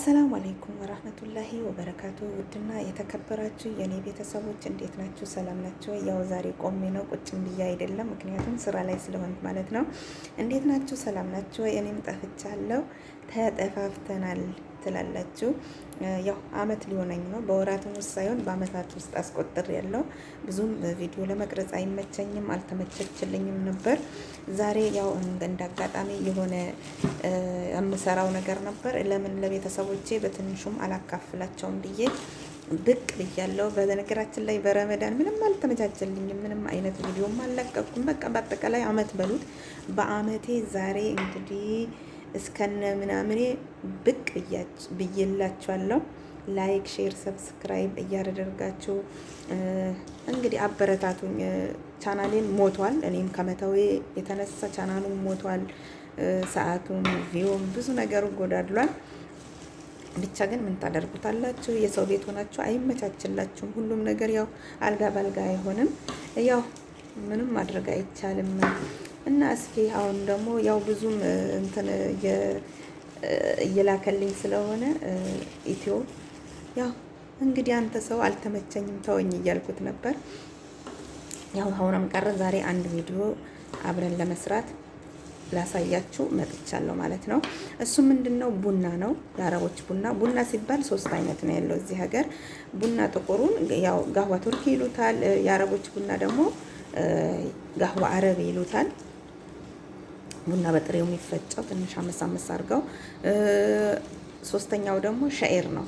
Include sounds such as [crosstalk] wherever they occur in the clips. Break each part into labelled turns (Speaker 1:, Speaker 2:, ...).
Speaker 1: አሰላሙ አለይኩም ወራህመቱላሂ ወበረካቱ። ውድና የተከበራችሁ የኔ ቤተሰቦች እንዴት ናችሁ? ሰላም ናቸው። ያው ዛሬ ቆሜ ነው ቁጭም ብዬ አይደለም፣ ምክንያቱም ስራ ላይ ስለሆንኩ ማለት ነው። እንዴት ናችሁ? ሰላም ናቸው። እኔም ጠፍቻለሁ፣ ተጠፋፍተናል። ትላላችሁ። ያው አመት ሊሆነኝ ነው። በወራትም ውስጥ ሳይሆን በአመታት ውስጥ አስቆጥር ያለው ብዙም ቪዲዮ ለመቅረጽ አይመቸኝም፣ አልተመቸችልኝም ነበር። ዛሬ ያው እንደ አጋጣሚ የሆነ የምሰራው ነገር ነበር። ለምን ለቤተሰቦቼ በትንሹም አላካፍላቸውም ብዬ ብቅ ብያለሁ። በነገራችን ላይ በረመዳን ምንም አልተመቻቸልኝም። ምንም አይነት ቪዲዮም አልለቀኩም። በቃ በአጠቃላይ አመት በሉት በአመቴ ዛሬ እንግዲህ እስከነ ምናምኔ ብቅ ብዬላችኋለሁ። ላይክ፣ ሼር፣ ሰብስክራይብ እያደረጋችሁ እንግዲህ አበረታቱኝ። ቻናሌን ሞቷል። እኔም ከመተዌ የተነሳ ቻናሉን ሞቷል። ሰዓቱም ቪዮም ብዙ ነገሩ ጎዳድሏል። ብቻ ግን ምን ታደርጉታላችሁ? የሰው ቤት ሆናችሁ አይመቻችላችሁም። ሁሉም ነገር ያው አልጋ ባልጋ አይሆንም። ያው ምንም ማድረግ አይቻልም። እና እስኪ አሁን ደግሞ ያው ብዙም እንትን እየላከልኝ ስለሆነ ኢትዮ ያው እንግዲህ አንተ ሰው አልተመቸኝም ተወኝ እያልኩት ነበር። ያው አሁንም ቀረ ዛሬ አንድ ቪዲዮ አብረን ለመስራት ላሳያችሁ መጥቻለሁ ማለት ነው። እሱ ምንድን ነው? ቡና ነው፣ የአረቦች ቡና። ቡና ሲባል ሶስት አይነት ነው ያለው እዚህ ሀገር። ቡና ጥቁሩን ያው ጋህዋ ቱርክ ይሉታል። የአረቦች ቡና ደግሞ ጋህዋ አረብ ይሉታል። ቡና በጥሬው የሚፈጨው ትንሽ አመስ አመስ አድርገው። ሶስተኛው ደግሞ ሸኤር ነው።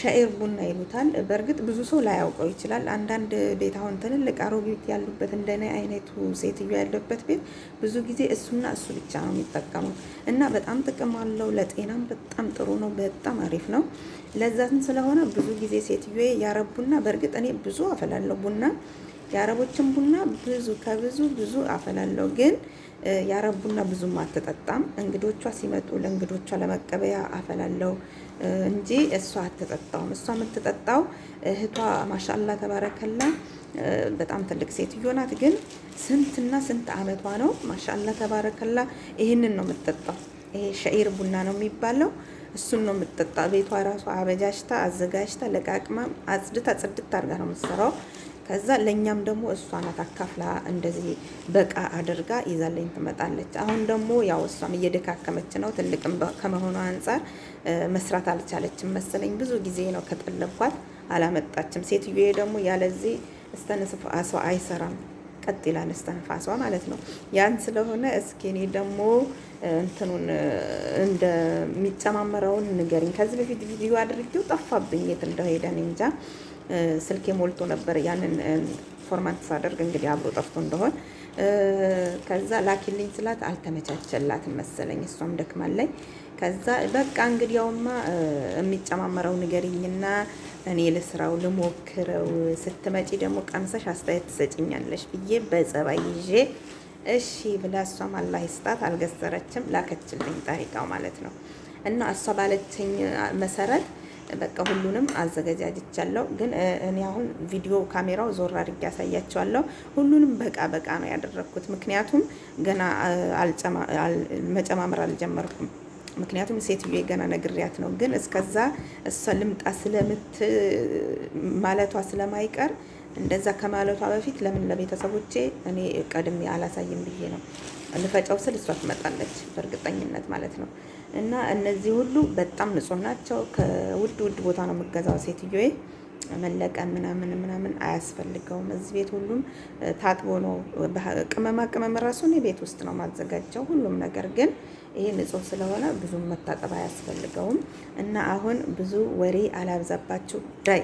Speaker 1: ሸኤር ቡና ይሉታል። በእርግጥ ብዙ ሰው ላያውቀው ይችላል። አንዳንድ ቤት አሁን ትልልቅ አሮጊት ያሉበት እንደኔ አይነቱ ሴትዮ ያለበት ቤት ብዙ ጊዜ እሱና እሱ ብቻ ነው የሚጠቀመው እና በጣም ጥቅም አለው። ለጤናም በጣም ጥሩ ነው። በጣም አሪፍ ነው። ለዛትን ስለሆነ ብዙ ጊዜ ሴትዮ ያረብ ቡና በእርግጥ እኔ ብዙ አፈላለሁ ቡና የአረቦችን ቡና ብዙ ከብዙ ብዙ አፈላለሁ ግን የአረብ ቡና ብዙም አትጠጣም። እንግዶቿ ሲመጡ ለእንግዶቿ ለመቀበያ አፈላለው እንጂ እሷ አትጠጣውም። እሷ የምትጠጣው እህቷ ማሻላ ተባረከላ በጣም ትልቅ ሴትዮ ናት። ግን ስንትና ስንት አመቷ ነው ማሻላ ተባረከላ። ይህንን ነው የምትጠጣው። ይሄ ሸዒር ቡና ነው የሚባለው። እሱን ነው የምትጠጣ። ቤቷ ራሷ አበጃጅታ አዘጋጅታ ለቃቅማ አጽድታ ጽድት አድርጋ ነው የምትሰራው። ከዛ ለእኛም ደግሞ እሷ ናት አካፍላ እንደዚህ በቃ አድርጋ ይዛለኝ ትመጣለች። አሁን ደግሞ ያው እሷም እየደካከመች ነው፣ ትልቅም ከመሆኑ አንጻር መስራት አልቻለችም መሰለኝ። ብዙ ጊዜ ነው ከጠለብኳት፣ አላመጣችም። ሴትዮ ደግሞ ያለዚህ እስተንፋሷ አይሰራም፣ ቀጥ ይላል እስተንፋሷ ማለት ነው። ያን ስለሆነ እስኪ እኔ ደግሞ እንትኑን እንደሚጨማመረውን ንገሪኝ። ከዚህ በፊት ቪዲዮ አድርጌው ጠፋብኝ፣ የት እንደሄደ እንጃ። ስልኬ ሞልቶ ነበር። ያንን ፎርማት ሳደርግ እንግዲህ አብሮ ጠፍቶ እንደሆን ከዛ ላኪልኝ ስላት አልተመቻቸላትም መሰለኝ፣ እሷም ደክማለኝ። ከዛ በቃ ያውማ የሚጨማመረው ንገሪኝና እኔ ልስራው ልሞክረው፣ ስትመጪ ደግሞ ቀምሰሽ አስተያየት ትሰጭኛለሽ ብዬ በጸባይ ይዤ እሺ ብላ እሷም አላህ ይስጣት አልገሰረችም፣ ላከችልኝ ጠሪቃው ማለት ነው እና እሷ ባለችኝ መሰረት በቃ ሁሉንም አዘገጃጅቻለሁ። ግን እኔ አሁን ቪዲዮ ካሜራው ዞር አድርጌ ያሳያቸዋለሁ። ሁሉንም በቃ በቃ ነው ያደረግኩት፣ ምክንያቱም ገና መጨማመር አልጀመርኩም። ምክንያቱም ሴትዮ ገና ነግሪያት ነው። ግን እስከዛ እሷ ልምጣ ስለምት ማለቷ ስለማይቀር እንደዛ ከማለቷ በፊት ለምን ለቤተሰቦቼ እኔ ቀድሜ አላሳይም ብዬ ነው። ልፈጨው ስል እሷ ትመጣለች በእርግጠኝነት ማለት ነው። እና እነዚህ ሁሉ በጣም ንጹህ ናቸው። ከውድ ውድ ቦታ ነው የምገዛው። ሴትዮዬ መለቀ ምናምን ምናምን አያስፈልገውም። እዚህ ቤት ሁሉም ታጥቦ ነው። ቅመማ ቅመም ራሱ እኔ ቤት ውስጥ ነው ማዘጋጀው ሁሉም ነገር ግን ይሄ ንጹህ ስለሆነ ብዙም መታጠብ አያስፈልገውም። እና አሁን ብዙ ወሬ አላብዛባችሁ ዳይ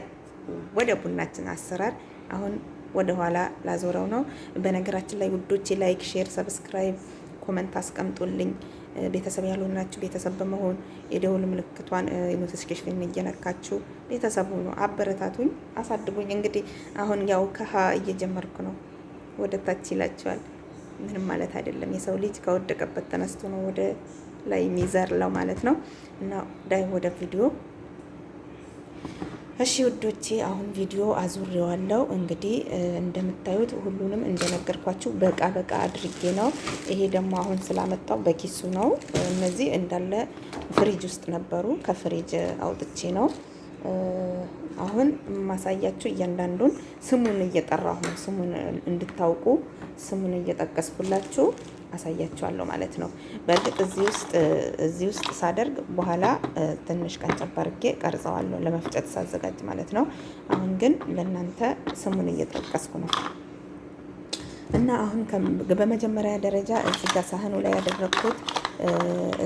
Speaker 1: ወደ ቡናችን አሰራር አሁን ወደ ኋላ ላዞረው ነው። በነገራችን ላይ ውዶቼ ላይክ፣ ሼር፣ ሰብስክራይብ፣ ኮመንት አስቀምጡልኝ። ቤተሰብ ያልሆናችሁ ቤተሰብ በመሆን የደውል ምልክቷን የኖቲፊኬሽን እየነካችሁ ቤተሰብ ነው አበረታቱኝ፣ አሳድጉኝ። እንግዲህ አሁን ያው ከሀ እየጀመርኩ ነው፣ ወደ ታች ይላቸዋል። ምንም ማለት አይደለም። የሰው ልጅ ከወደቀበት ተነስቶ ነው ወደ ላይ የሚዘርለው ማለት ነው እና ዳይ ወደ ቪዲዮ እሺ ውዶቼ አሁን ቪዲዮ አዙሬዋለሁ። እንግዲህ እንደምታዩት ሁሉንም እንደነገርኳችሁ በቃ በቃ አድርጌ ነው። ይሄ ደግሞ አሁን ስላመጣው በኪሱ ነው። እነዚህ እንዳለ ፍሪጅ ውስጥ ነበሩ፣ ከፍሪጅ አውጥቼ ነው አሁን ማሳያችሁ። እያንዳንዱን ስሙን እየጠራሁ ነው፣ ስሙን እንድታውቁ ስሙን እየጠቀስኩላችሁ አሳያችኋለሁ ማለት ነው። በእርግጥ እዚህ ውስጥ እዚህ ውስጥ ሳደርግ በኋላ ትንሽ ቀን ጨባርጌ ቀርጸዋለሁ ለመፍጨት ሳዘጋጅ ማለት ነው። አሁን ግን ለእናንተ ስሙን እየጠቀስኩ ነው እና አሁን በመጀመሪያ ደረጃ እዚህ ጋር ሳህኑ ላይ ያደረግኩት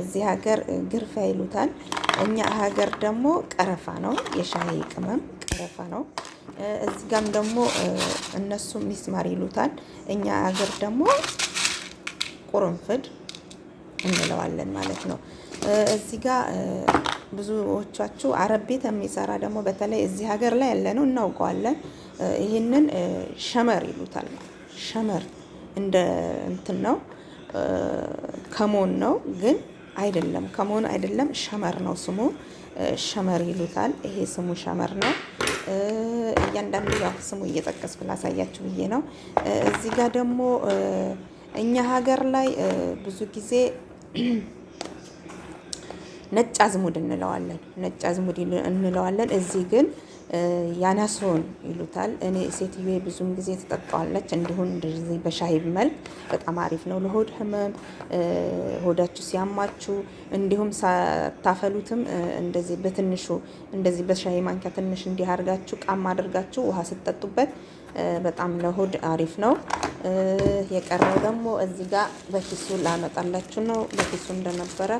Speaker 1: እዚህ ሀገር ግርፋ ይሉታል። እኛ ሀገር ደግሞ ቀረፋ ነው፣ የሻይ ቅመም ቀረፋ ነው። እዚህ ጋም ደግሞ እነሱ ሚስማር ይሉታል። እኛ ሀገር ደግሞ ቁርንፍድ እንለዋለን ማለት ነው። እዚህ ጋር ብዙዎቻችሁ አረብ ቤት የሚሰራ ደግሞ በተለይ እዚህ ሀገር ላይ ያለ ነው እናውቀዋለን። ይህንን ሸመር ይሉታል። ሸመር እንደ እንትን ነው፣ ከሞን ነው ግን አይደለም፣ ከሞን አይደለም፣ ሸመር ነው ስሙ። ሸመር ይሉታል። ይሄ ስሙ ሸመር ነው። እያንዳንዱ ያው ስሙ እየጠቀስኩ ላሳያችሁ ብዬ ነው። እዚህ ጋር ደግሞ እኛ ሀገር ላይ ብዙ ጊዜ ነጭ አዝሙድ እንለዋለን፣ ነጭ አዝሙድ እንለዋለን። እዚህ ግን ያናሶን ይሉታል። እኔ ሴትዮ ብዙም ጊዜ ትጠጣዋለች። እንዲሁም እንደዚህ በሻይ መልክ በጣም አሪፍ ነው ለሆድ ህመም፣ ሆዳችሁ ሲያማችሁ፣ እንዲሁም ሳታፈሉትም እንደዚህ በትንሹ እንደዚህ በሻሂ ማንኪያ ትንሽ እንዲህ አድርጋችሁ ቃም አድርጋችሁ ውሃ ስትጠጡበት በጣም ለሆድ አሪፍ ነው። የቀረው ደግሞ እዚህ ጋር በኪሱ ላመጣላችሁ ነው። በኪሱ እንደነበረ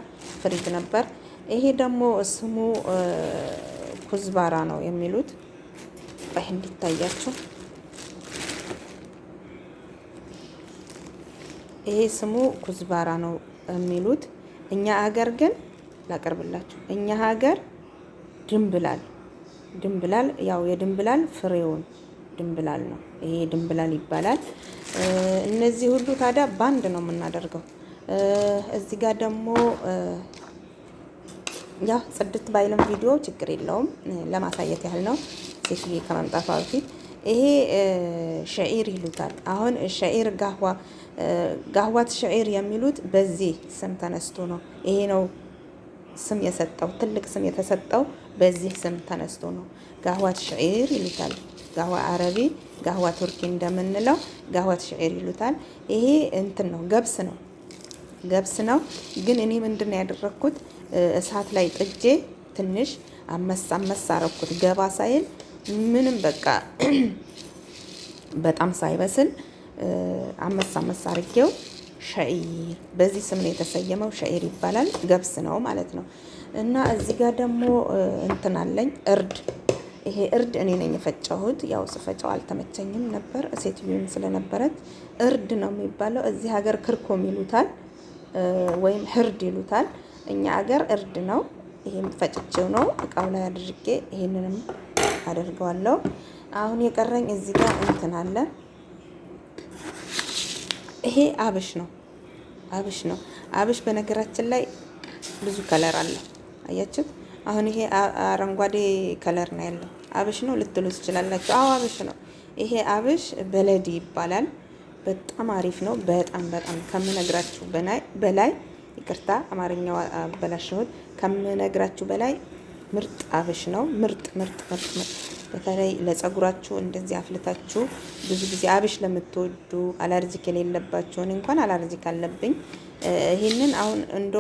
Speaker 1: ፍሪጅ ነበር። ይሄ ደግሞ ስሙ ኩዝባራ ነው የሚሉት ይህ እንዲታያችሁ ይሄ ስሙ ኩዝባራ ነው የሚሉት። እኛ ሀገር ግን ላቀርብላችሁ፣ እኛ ሀገር ድንብላል ድንብላል ያው የድንብላል ፍሬውን ድንብላል ነው። ይሄ ድንብላል ይባላል። እነዚህ ሁሉ ታዲያ ባንድ ነው የምናደርገው። እዚህ ጋር ደግሞ ያ ጽድት ባይልም ቪዲዮ ችግር የለውም ለማሳየት ያህል ነው። ሴትዬ ከመምጣቷ በፊት ይሄ ሸዒር ይሉታል። አሁን ሸዒር ጋህዋ ጋህዋት ሸዒር የሚሉት በዚህ ስም ተነስቶ ነው። ይሄ ነው ስም የሰጠው ትልቅ ስም የተሰጠው በዚህ ስም ተነስቶ ነው። ጋህዋት ሸዒር ይሉታል። ጋህዋ አረቢ፣ ጋህዋ ቱርኪ እንደምንለው ጋህዋ ሽዒር ይሉታል። ይሄ እንትን ነው፣ ገብስ ነው፣ ገብስ ነው። ግን እኔ ምንድን ነው ያደረግኩት? እሳት ላይ ጥጄ ትንሽ አመሳ አመሳ አረኩት፣ ገባ ሳይል ምንም በቃ [clears throat] በጣም ሳይበስል አመሳ አመሳ አርጌው ሸዒር በዚህ ስም ነው የተሰየመው። ሸዒር ይባላል ገብስ ነው ማለት ነው። እና እዚህ ጋር ደግሞ እንትን አለኝ እርድ ይሄ እርድ እኔ ነኝ የፈጨሁት። ያው ስፈጨው አልተመቸኝም ነበር ሴትዮን ስለነበረች። እርድ ነው የሚባለው እዚህ ሀገር ክርኮም ይሉታል ወይም ህርድ ይሉታል። እኛ ሀገር እርድ ነው። ይሄም ፈጭቼው ነው እቃው ላይ አድርጌ ይሄንንም አደርገዋለሁ። አሁን የቀረኝ እዚህ ጋር እንትን አለ። ይሄ አብሽ ነው፣ አብሽ ነው። አብሽ በነገራችን ላይ ብዙ ከለር አለ። አያችሁት? አሁን ይሄ አረንጓዴ ከለር ነው ያለው። አብሽ ነው ልትሉ ትችላላችሁ። አዎ አብሽ ነው። ይሄ አብሽ በለዲ ይባላል። በጣም አሪፍ ነው። በጣም በጣም ከምነግራችሁ በላይ ይቅርታ፣ አማርኛው አበላሽሁት። ከምነግራችሁ በላይ ምርጥ አብሽ ነው። ምርጥ ምርጥ ምርጥ ምርጥ በተለይ ለጸጉራችሁ እንደዚህ አፍልታችሁ ብዙ ጊዜ አብሽ ለምትወዱ አላርጂክ የሌለባችሁን እንኳን አላርጂክ አለብኝ። ይህንን አሁን እንዶ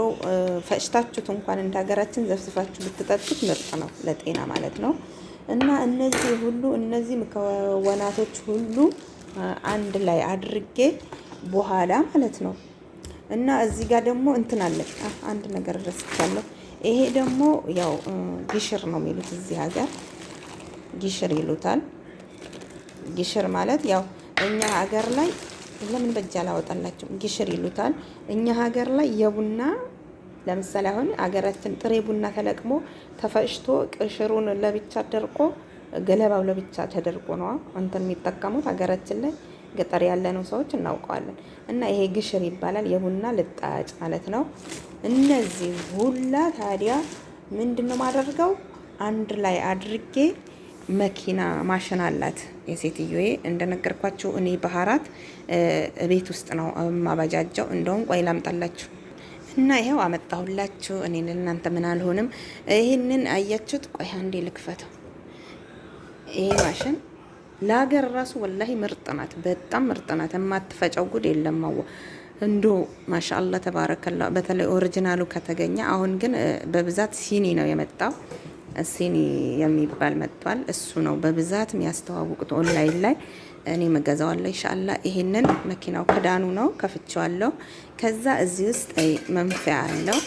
Speaker 1: ፈጭታችሁት እንኳን እንደ ሀገራችን ዘፍዝፋችሁ ብትጠጡት ምርጥ ነው ለጤና ማለት ነው። እና እነዚህ ሁሉ እነዚህ መከወናቶች ሁሉ አንድ ላይ አድርጌ በኋላ ማለት ነው እና እዚህ ጋር ደግሞ እንትን አለ። አንድ ነገር ረስቻለሁ። ይሄ ደግሞ ያው ጊሽር ነው የሚሉት እዚህ ሀገር ጊሽር ይሉታል። ጊሽር ማለት ያው እኛ ሀገር ላይ ለምን በእጅ አላወጣላቸው ጊሽር ይሉታል። እኛ ሀገር ላይ የቡና ለምሳሌ አሁን ሀገራችን ጥሬ ቡና ተለቅሞ ተፈጭቶ ቅሽሩን ለብቻ ደርቆ ገለባው ለብቻ ተደርቆ ነዋ እንትን የሚጠቀሙት ሀገራችን ላይ ገጠር ያለነው ሰዎች እናውቀዋለን። እና ይሄ ግሽር ይባላል የቡና ልጣጭ ማለት ነው። እነዚህ ሁላ ታዲያ ምንድነው ማደርገው? አንድ ላይ አድርጌ መኪና ማሽን አላት የሴትዮዬ። እንደነገርኳችሁ እኔ ባህራት ቤት ውስጥ ነው ማበጃጀው። እንደውም ቆይ ላምጣላችሁ እና ይኸው አመጣሁላችሁ። እኔ ለእናንተ ምን አልሆንም። ይህንን አያችሁት? ቆይ አንዴ ልክፈተው ይሄ ማሽን ለሀገር ራሱ ወላሂ ምርጥ ናት፣ በጣም ምርጥ ናት። የማትፈጨው ጉድ የለም። አዎ እንዶ ማሻአላ ተባረከላ። በተለይ ኦሪጂናሉ ከተገኘ። አሁን ግን በብዛት ሲኒ ነው የመጣው፣ ሲኒ የሚባል መጥቷል። እሱ ነው በብዛት የሚያስተዋውቁት ኦንላይን ላይ። እኔ መገዛዋለሁ ኢንሻአላ። ይሄንን መኪናው ክዳኑ ነው ከፍቼዋለሁ። ከዛ እዚህ ውስጥ መንፊያ አለው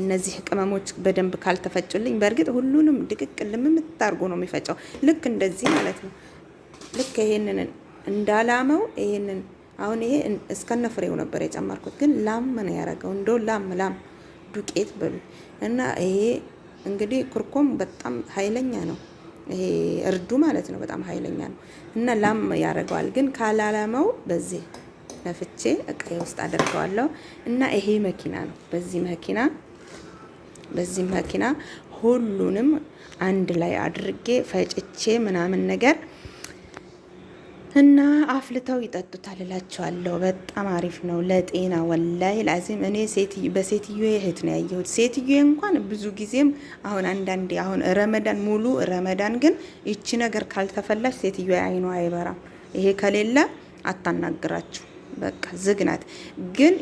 Speaker 1: እነዚህ ቅመሞች በደንብ ካልተፈጩልኝ፣ በእርግጥ ሁሉንም ድቅቅ ልምምታርጎ ነው የሚፈጨው። ልክ እንደዚህ ማለት ነው። ልክ ይሄንን እንዳላመው ይሄንን አሁን ይሄ እስከነ ፍሬው ነበር የጨመርኩት፣ ግን ላም ነው ያደረገው። እንዶ ላም ላም ዱቄት በሉ እና ይሄ እንግዲህ ኩርኩም በጣም ኃይለኛ ነው። ይሄ እርዱ ማለት ነው። በጣም ኃይለኛ ነው እና ላም ያደርገዋል። ግን ካላላመው በዚህ ነፍቼ እቃዬ ውስጥ አደርገዋለሁ እና ይሄ መኪና ነው። በዚህ መኪና በዚህ መኪና ሁሉንም አንድ ላይ አድርጌ ፈጭቼ ምናምን ነገር እና አፍልተው ይጠጡታል እላቸዋለሁ። በጣም አሪፍ ነው ለጤና ወላይ ላዚም። እኔ በሴትዮ እህት ነው ያየሁት። ሴትዮ እንኳን ብዙ ጊዜም አሁን አንዳንዴ አሁን ረመዳን ሙሉ ረመዳን ግን ይቺ ነገር ካልተፈላች ሴትዮ አይኗ አይበራም። ይሄ ከሌለ አታናግራችሁ በቃ ዝግ ናት። ግን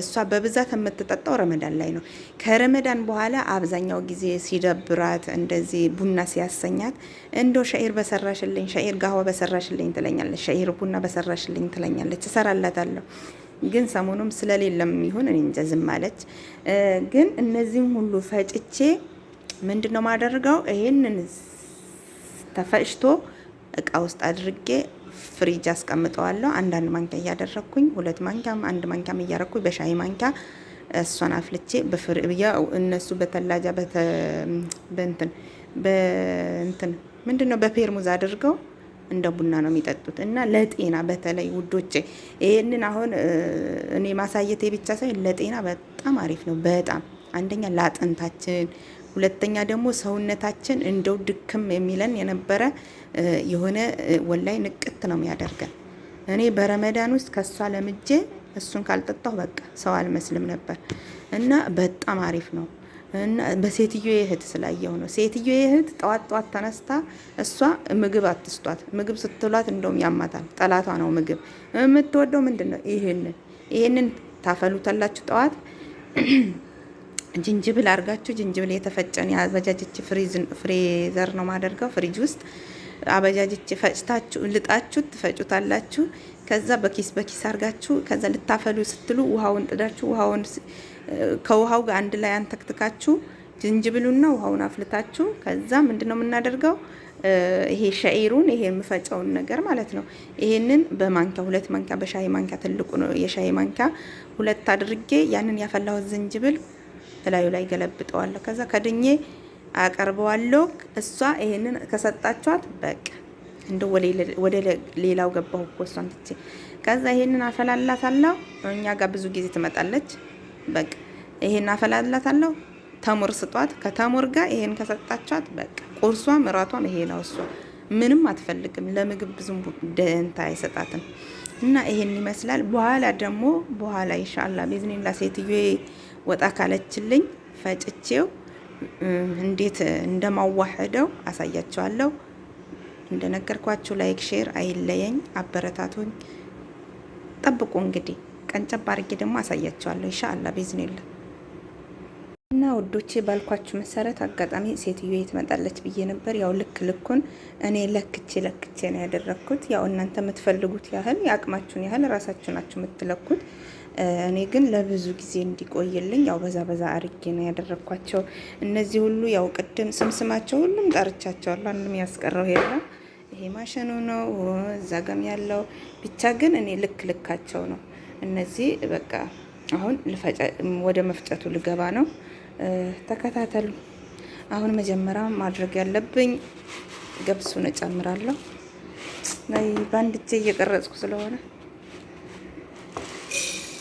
Speaker 1: እሷ በብዛት የምትጠጣው ረመዳን ላይ ነው። ከረመዳን በኋላ አብዛኛው ጊዜ ሲደብራት እንደዚህ ቡና ሲያሰኛት እንዶ ሻኢር በሰራሽልኝ፣ ሻኢር ጋህዋ በሰራሽልኝ ትለኛለች፣ ሻኢር ቡና በሰራሽልኝ ትለኛለች። እሰራላታለሁ ግን ሰሞኑም ስለሌለም ይሁን እንጃ ዝም አለች። ግን እነዚህም ሁሉ ፈጭቼ ምንድን ነው ማደርገው ይሄንን ተፈጭቶ እቃ ውስጥ አድርጌ ፍሪጅ አስቀምጠዋለሁ። አንዳንድ ማንኪያ እያደረግኩኝ ሁለት ማንኪያም አንድ ማንኪያም እያረግኩኝ በሻይ ማንኪያ እሷን አፍልቼ እነሱ በተላጃ በእንትን በእንትን ምንድን ነው በፌርሙዝ አድርገው እንደ ቡና ነው የሚጠጡት እና ለጤና በተለይ ውዶቼ ይህንን አሁን እኔ ማሳየቴ ብቻ ሳይሆን ለጤና በጣም አሪፍ ነው። በጣም አንደኛ ለአጥንታችን ሁለተኛ ደግሞ ሰውነታችን እንደው ድክም የሚለን የነበረ የሆነ ወላይ ንቅት ነው የሚያደርገን። እኔ በረመዳን ውስጥ ከሷ ለምጄ እሱን ካልጠጣሁ በቃ ሰው አልመስልም ነበር እና በጣም አሪፍ ነው። እና በሴትዮ እህት ስላየው ነው። ሴትዮ እህት ጠዋት ጠዋት ተነስታ እሷ ምግብ አትስጧት፣ ምግብ ስትሏት እንደውም ያማታል። ጠላቷ ነው ምግብ። የምትወደው ምንድን ነው? ይህንን ይህንን ታፈሉታላችሁ ጠዋት ጅንጅብል አድርጋችሁ ጅንጅብል የተፈጨን የአበጃጅች ፍሬዘር ነው ማደርገው ፍሪጅ ውስጥ አበጃጅች ፈጭታችሁ ልጣችሁ ትፈጩታላችሁ። ከዛ በኪስ በኪስ አድርጋችሁ ከዛ ልታፈሉ ስትሉ ውሃውን ጥዳችሁ ውሃውን ከውሃው ጋር አንድ ላይ አንተክትካችሁ ጅንጅብሉና ውሃውን አፍልታችሁ ከዛ ምንድን ነው የምናደርገው? ይሄ ሸዒሩን ይሄ የምፈጨውን ነገር ማለት ነው። ይሄንን በማንኪያ ሁለት ማንኪያ በሻይ ማንኪያ ትልቁ ነው የሻይ ማንኪያ ሁለት አድርጌ ያንን ያፈላሁት ዝንጅብል እላዩ ላይ ገለብጠዋለሁ። ከዛ ከድኜ አቀርበዋለሁ። እሷ ይሄንን ከሰጣችኋት በቃ እንደ ወደ ሌላው ገባሁ እኮ እሷን ትቼ። ከዛ ይሄንን አፈላላታለሁ። እኛ ጋር ብዙ ጊዜ ትመጣለች። በቃ ይሄን አፈላላታለሁ። ተሙር ስጧት። ከተሙር ጋር ይሄን ከሰጣችኋት በቃ ቁርሷም እራቷም ይሄ ነው። እሷ ምንም አትፈልግም። ለምግብ ብዙም ደንታ አይሰጣትም። እና ይሄን ይመስላል። በኋላ ደግሞ በኋላ ኢንሻአላህ ቢዝኒላ ሴትዮ ወጣ ካለችልኝ ፈጭቼው እንዴት እንደማዋህደው አሳያቸዋለሁ። እንደነገርኳችሁ ላይክ ሼር አይለየኝ፣ አበረታቱኝ፣ ጠብቁ። እንግዲህ ቀንጨብ ጨባርጌ ደግሞ አሳያቸዋለሁ ኢንሻአላህ ቢዝኒላ እና ውዶቼ ባልኳችሁ መሰረት አጋጣሚ ሴትዮ የት መጣለች ብዬ ነበር። ያው ልክ ልኩን እኔ ለክቼ ለክቼ ነው ያደረግኩት። ያው እናንተ የምትፈልጉት ያህል የአቅማችሁን ያህል ራሳችሁ ናችሁ የምትለኩት። እኔ ግን ለብዙ ጊዜ እንዲቆይልኝ ያው በዛ በዛ አርጌ ነው ያደረግኳቸው። እነዚህ ሁሉ ያው ቅድም ስምስማቸው ሁሉም ጠርቻቸዋለሁ። አንድም ያስቀረው የለም። ይሄ ማሸኑ ነው እዛ ጋም ያለው ብቻ ግን እኔ ልክ ልካቸው ነው እነዚህ በቃ አሁን ወደ መፍጨቱ ልገባ ነው። ተከታተሉ። አሁን መጀመሪያ ማድረግ ያለብኝ ገብሱን እጨምራለሁ። በአንድ እጄ እየቀረጽኩ ስለሆነ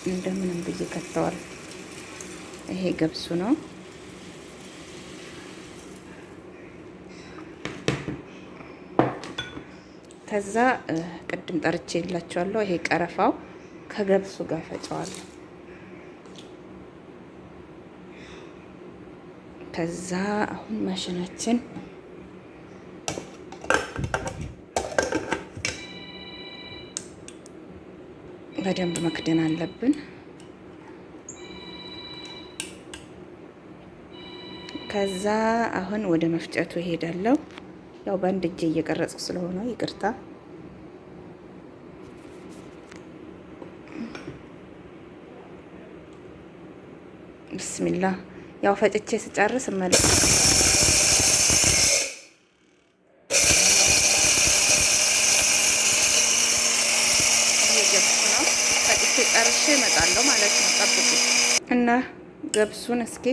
Speaker 1: እንደምንም ብዬ ከተዋል። ይሄ ገብሱ ነው። ከዛ ቅድም ጠርቼ የላቸዋለሁ። ይሄ ቀረፋው ከገብሱ ጋር ፈጨዋል። ከዛ አሁን ማሽናችን በደንብ መክደን አለብን። ከዛ አሁን ወደ መፍጨቱ እሄዳለሁ። ያው በአንድ እጄ እየቀረጽኩ ስለሆነ ይቅርታ። ብስሚላ ያው ፈጭቼ ስጨርስ እመለስ እና ገብሱን እስኪ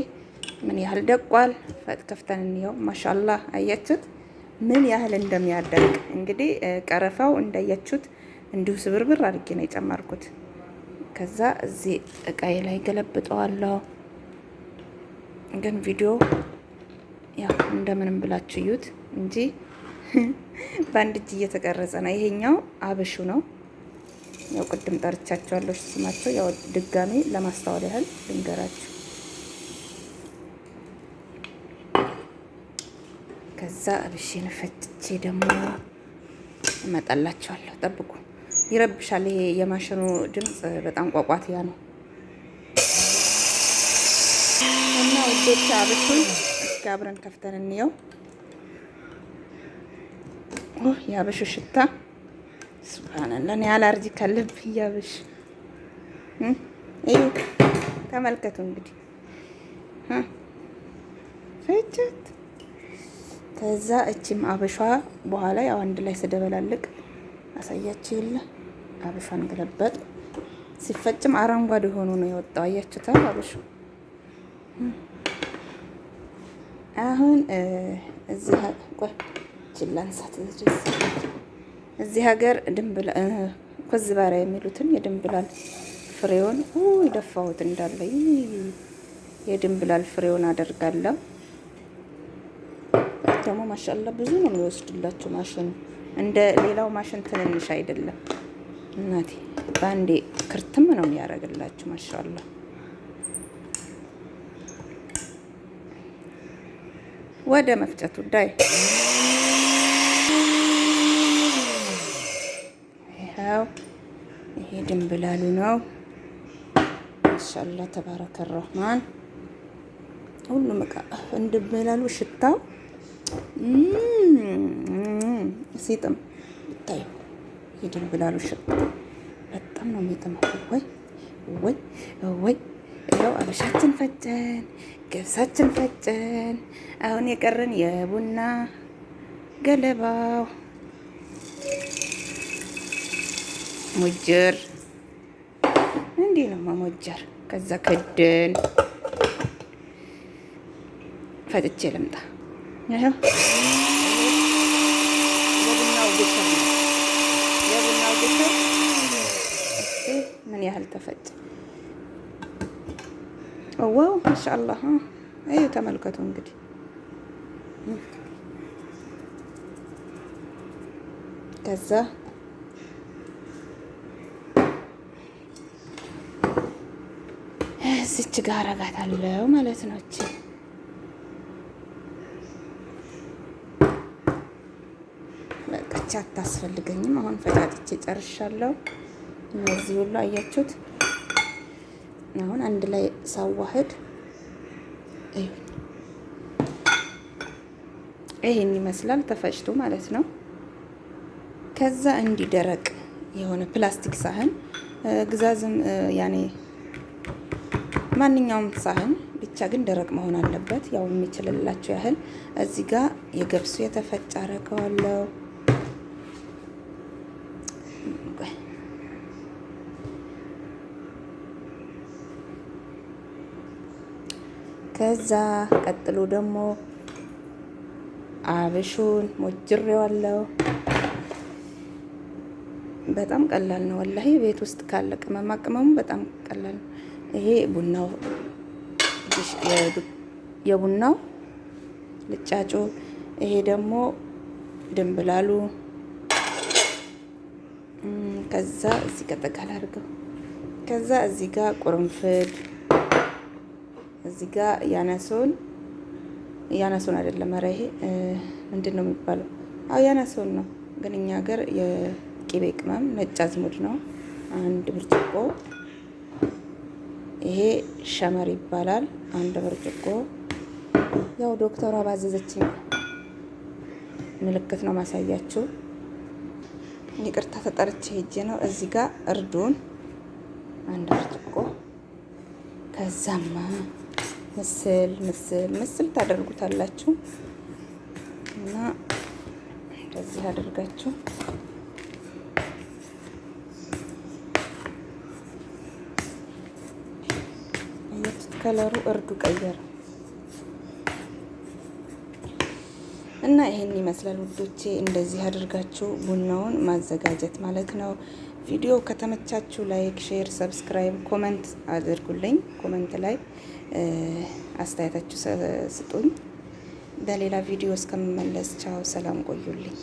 Speaker 1: ምን ያህል ደቋል፣ ፈጥ ከፍተን እንየው። ማሻላህ አያችሁት ምን ያህል እንደሚያደርግ እንግዲህ ቀረፋው እንዳያችሁት እንዲሁ ስብርብር አድርጌ ነው የጨመርኩት። ከዛ እዚህ እቃዬ ላይ ገለብጠዋለሁ። ግን ቪዲዮ ያው እንደምንም ብላችሁ እዩት እንጂ [laughs] በአንድ እጅ እየተቀረጸ ነው። ይሄኛው አብሹ ነው። ያው ቅድም ጠርቻቸዋለሁ ስማቸው ያው ድጋሜ ለማስታወል ያህል ልንገራችሁ። ከዛ አብሽን ፈጭቼ ደግሞ እመጣላችኋለሁ። ጠብቁ። ይረብሻል። ይሄ የማሽኑ ድምፅ በጣም ቋቋትያ ነው እና ውዶች አብሽን እስኪ አብረን ከፍተን እንየው። የአብሹ ሽታ ስብሃንላ እኔ አላርጂክ አለብኝ። እያበሽ ይህ ተመልከቱ እንግዲህ ፍጭት። ከዛ እችም አበሿ በኋላ ያው አንድ ላይ ስደበላልቅ አሳያችሁ የለ አበሿን ገለበጥ ሲፈጭም አረንጓዴ ሆኖ ነው የወጣው። አያችሁታል አበሹ። አሁን እዚህ ቆይ ችላንሳት እዚህ ሀገር ድንብላ ኮዝባራ የሚሉትን የድንብላል ፍሬውን የደፋሁት እንዳለ የድንብላል ፍሬውን አደርጋለሁ። ደግሞ ማሻላ ብዙ ነው የሚወስድላችሁ ማሽኑ። እንደ ሌላው ማሽን ትንንሽ አይደለም እናቴ፣ በአንዴ ክርትም ነው የሚያደርግላችሁ ማሻላ። ወደ መፍጨቱ ዳይ የምሰራው ይሄ ድንብላሉ ነው። ማሻላ ተባረከ ረህማን ሁሉም እቃ እንድብላሉ ሽታው ሲጥም ብታዩ የድንብላሉ ሽታ በጣም ነው የሚጥመው። ወይ ወይ ወይ ያው አበሻችን ፈጨን፣ ገብሳችን ፈጨን። አሁን የቀረን የቡና ገለባው ሞጀር እንዲህ ነው መሞጀር። ከዛ ክድን ፈጥቼ ልምጣ። ምን ያህል ተፈጭ? ዋው ማሻአላህ። እዩ ተመልከቱ እንግዲህ ከዛ እዚች ጋር አረጋታለሁ ማለት ነው። እች በቅቻ አታስፈልገኝም። አሁን ፈጫጭቼ ጨርሻለሁ። እነዚህ ሁሉ አያችሁት። አሁን አንድ ላይ ሳዋህድ ይሄን ይመስላል ተፈጭቶ ማለት ነው። ከዛ እንዲደረቅ የሆነ ፕላስቲክ ሳህን ግዛዝም ያኔ ማንኛውም ሳህን ብቻ ግን ደረቅ መሆን አለበት። ያው የሚችልላችሁ ያህል እዚህ ጋር የገብሱ የተፈጨ አረገዋለሁ። ከዛ ቀጥሎ ደግሞ አብሹን ሞጅሬዋለሁ። በጣም ቀላል ነው ወላሂ። ቤት ውስጥ ካለ ቅመማ ቅመሙ በጣም ቀላል ነው። ይሄ ቡናው የቡናው ልጫጩ፣ ይሄ ደግሞ ድንብላሉ። ከዛ እዚህ ጋር ጠቃል አድርገው፣ ከዛ እዚህ ጋር ቁርንፍድ፣ እዚህ ጋር ያነሶን ያነሶን አይደለም፣ ኧረ ይሄ ምንድን ነው የሚባለው? አዎ ያነሶን ነው፣ ግን እኛ ሀገር የቅቤ ቅመም ነጭ አዝሙድ ነው። አንድ ብርጭቆ ይሄ ሸመር ይባላል። አንድ ብርጭቆ ያው ዶክተሯ ባዘዘችኝ ምልክት ነው ማሳያችሁ። ይቅርታ ተጠርቼ ሄጄ ነው። እዚህ ጋር እርዱን አንድ ብርጭቆ ከዛማ ምስል ምስል ምስል ታደርጉታላችሁ እና እንደዚህ አድርጋችሁ ከለሩ እርዱ ቀየር እና ይሄን ይመስላል ውዶቼ። እንደዚህ አድርጋችሁ ቡናውን ማዘጋጀት ማለት ነው። ቪዲዮ ከተመቻችሁ ላይክ፣ ሼር፣ ሰብስክራይብ፣ ኮመንት አድርጉልኝ። ኮመንት ላይ አስተያየታችሁ ስጡኝ። በሌላ ቪዲዮ እስከምመለስ ቻው፣ ሰላም ቆዩልኝ።